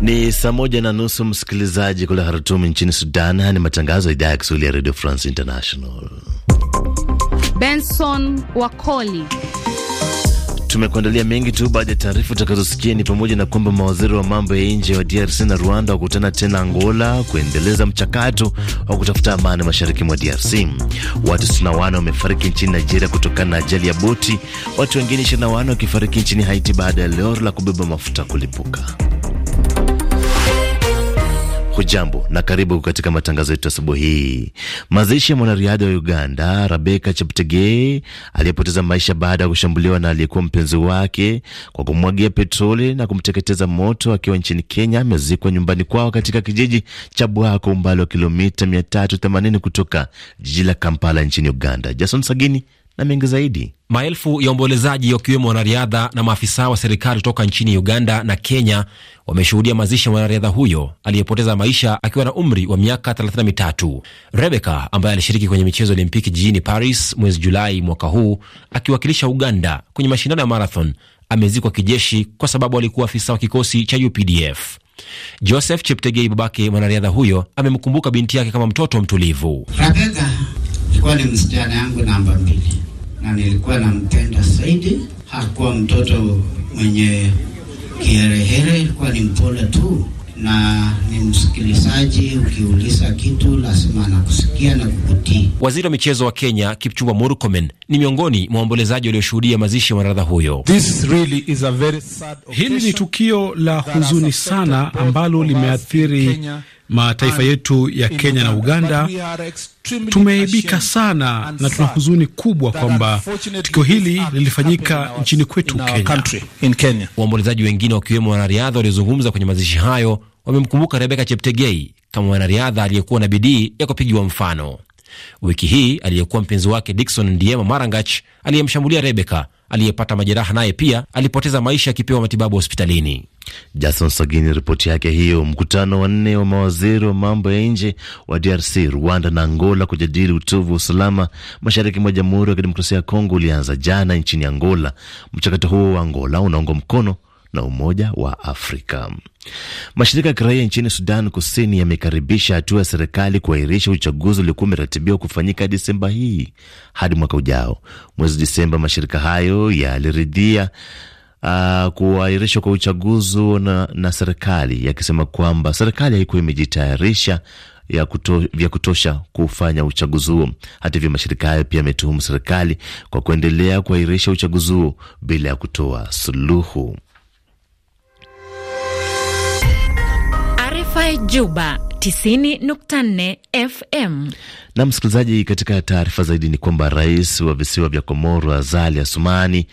Ni saa moja na nusu msikilizaji kule Hartum nchini Sudan. Ni matangazo ya idhaa ya Kiswahili ya Radio France International. Benson Wakoli tumekuandalia mengi tu. Baadhi ya taarifa utakazosikia ni pamoja na kwamba mawaziri wa mambo ya nje wa DRC na Rwanda wakutana tena Angola kuendeleza mchakato wa kutafuta amani mashariki mwa DRC. Watu sitini wamefariki nchini Nigeria kutokana na ajali ya boti, watu wengine 2 wakifariki nchini Haiti baada ya lori la kubeba mafuta kulipuka. Hujambo na karibu katika matangazo yetu asubuhi hii. Mazishi ya mwanariadha wa Uganda Rebecca Cheptegei aliyepoteza maisha baada ya kushambuliwa na aliyekuwa mpenzi wake kwa kumwagia petroli na kumteketeza moto akiwa nchini Kenya amezikwa nyumbani kwao katika kijiji cha Bwako, umbali wa kilomita 380 kutoka jiji la Kampala nchini Uganda. Jason Sagini na mengi zaidi. Maelfu ya waombolezaji wakiwemo wanariadha na maafisa wa serikali kutoka nchini Uganda na Kenya wameshuhudia mazishi ya mwanariadha huyo aliyepoteza maisha akiwa na umri wa miaka 33. Rebecca ambaye alishiriki kwenye michezo ya Olimpiki jijini Paris mwezi Julai mwaka huu akiwakilisha Uganda kwenye mashindano ya marathon amezikwa kijeshi kwa sababu alikuwa afisa wa kikosi cha UPDF. Joseph Cheptegei, babake mwanariadha huyo, amemkumbuka binti yake kama mtoto mtulivu. Rebecca alikuwa ni msichana yangu namba mbili, na nilikuwa nampenda zaidi. Hakuwa mtoto mwenye kiherehere, ilikuwa ni mpole tu na ni msikilizaji. Ukiuliza kitu lazima anakusikia na kukutii. Waziri wa michezo wa Kenya Kipchumba Murkomen ni miongoni mwa waombolezaji walioshuhudia mazishi ya mwanariadha huyo. Really hili ni tukio la huzuni sana ambalo limeathiri Kenya mataifa yetu ya Kenya na Uganda. Tumeaibika sana na tuna huzuni kubwa kwamba tukio hili lilifanyika nchini kwetu Kenya. Waombolezaji wengine wakiwemo wanariadha waliozungumza kwenye mazishi hayo wamemkumbuka Rebeka Cheptegei kama mwanariadha aliyekuwa na bidii ya kupigiwa mfano. Wiki hii aliyekuwa mpenzi wake dikson Ndiema Marangach aliyemshambulia Rebeka aliyepata majeraha naye pia alipoteza maisha akipewa matibabu hospitalini. Jason Sagini ripoti yake hiyo. Mkutano wa nne wa mawaziri wa mambo ya nje wa DRC, Rwanda na Angola kujadili utovu wa usalama mashariki mwa Jamhuri ya Kidemokrasia ya Kongo ulianza jana nchini Angola. Mchakato huo wa Angola unaungwa mkono na Umoja wa Afrika. Mashirika ya kiraia nchini Sudan Kusini yamekaribisha hatua ya serikali kuahirisha uchaguzi uliokuwa umeratibiwa kufanyika Disemba hii hadi mwaka ujao. Mwezi disemba mashirika hayo yaliridhia ya uh, kuahirishwa kwa uchaguzi na, na serikali yakisema kwamba serikali haikuwa imejitayarisha ya kuto, vya kutosha kufanya uchaguzi huo. Hata hivyo, mashirika hayo pia yametuhumu serikali kwa kuendelea kuahirisha uchaguzi huo bila ya kutoa suluhu. RFI Juba 90.4 FM. Na msikilizaji, katika taarifa zaidi ni kwamba rais wa visiwa vya Komoro Azali Asumani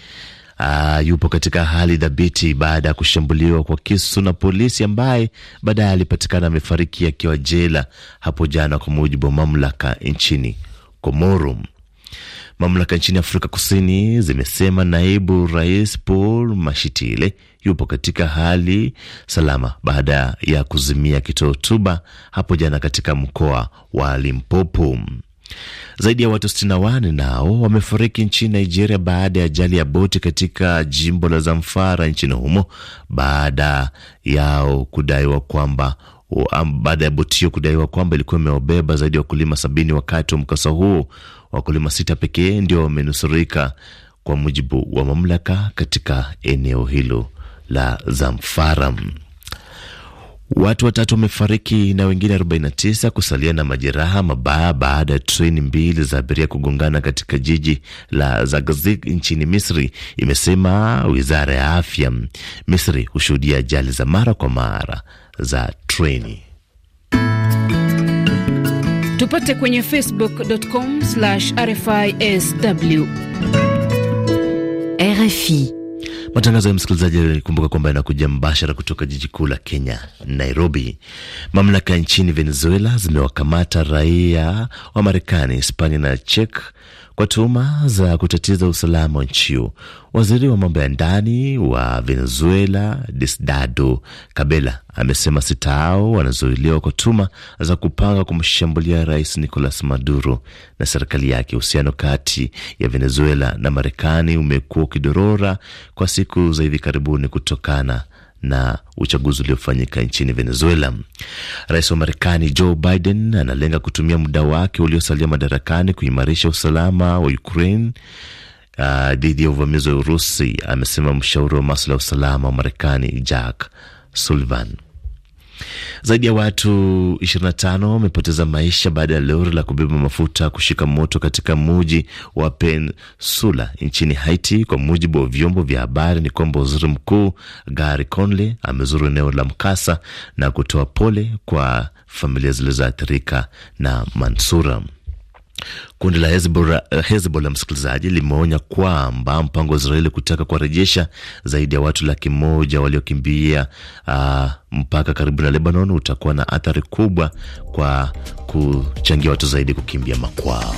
uh, yupo katika hali dhabiti baada ya kushambuliwa kwa kisu na polisi ambaye baadaye alipatikana amefariki akiwa jela hapo jana, kwa mujibu wa mamlaka nchini Komoro. Mamlaka nchini Afrika Kusini zimesema naibu rais Paul mashitile yupo katika hali salama baada ya kuzimia akitoa hotuba hapo jana katika mkoa wa Limpopo. Zaidi ya watu 61 nao wamefariki nchini Nigeria baada ya ajali ya boti katika jimbo la Zamfara nchini humo baada yao kudaiwa kwamba baada ya boti hiyo kudaiwa kwamba ilikuwa imewabeba zaidi ya wakulima sabini wakati wa mkasa huo. Wakulima sita pekee ndio wamenusurika kwa mujibu wa mamlaka katika eneo hilo la Zamfara. Watu watatu wamefariki na wengine 49 kusalia na majeraha mabaya baada ya treni mbili za abiria kugongana katika jiji la zagzig nchini Misri, imesema wizara ya afya. Misri hushuhudia ajali za mara kwa mara za treni. Tupate kwenye facebook.com/rfisw RFI. Matangazo ya msikilizaji, kumbuka kwamba yanakuja mbashara kutoka jiji kuu la Kenya, Nairobi. Mamlaka nchini Venezuela zimewakamata raia wa Marekani, Hispania na chek kwa tuhuma za kutatiza usalama wa nchi hiyo. Waziri wa mambo ya ndani wa Venezuela, desdado Cabela, amesema sita hao wanazuiliwa kwa tuma za kupanga kumshambulia rais Nicolas Maduro na serikali yake. Uhusiano kati ya Venezuela na Marekani umekuwa ukidorora kwa siku za hivi karibuni kutokana na uchaguzi uliofanyika nchini Venezuela. Rais wa Marekani Joe Biden analenga kutumia muda wake uliosalia madarakani kuimarisha usalama wa Ukraine uh, dhidi uh, ya uvamizi wa Urusi, amesema mshauri wa maswala ya usalama wa Marekani Jack Sullivan. Zaidi ya watu 25 wamepoteza maisha baada ya lori la kubeba mafuta kushika moto katika muji wa Peninsula nchini Haiti. Kwa mujibu wa vyombo vya habari, ni kwamba waziri mkuu Gary Conley amezuru eneo la mkasa na kutoa pole kwa familia zilizoathirika na mansura. Kundi la eh, Hezbollah, msikilizaji, limeonya kwamba mpango wa Israeli kutaka kuwarejesha zaidi ya watu laki moja waliokimbia uh, mpaka karibu na Lebanon utakuwa na athari kubwa kwa kuchangia watu zaidi kukimbia makwao.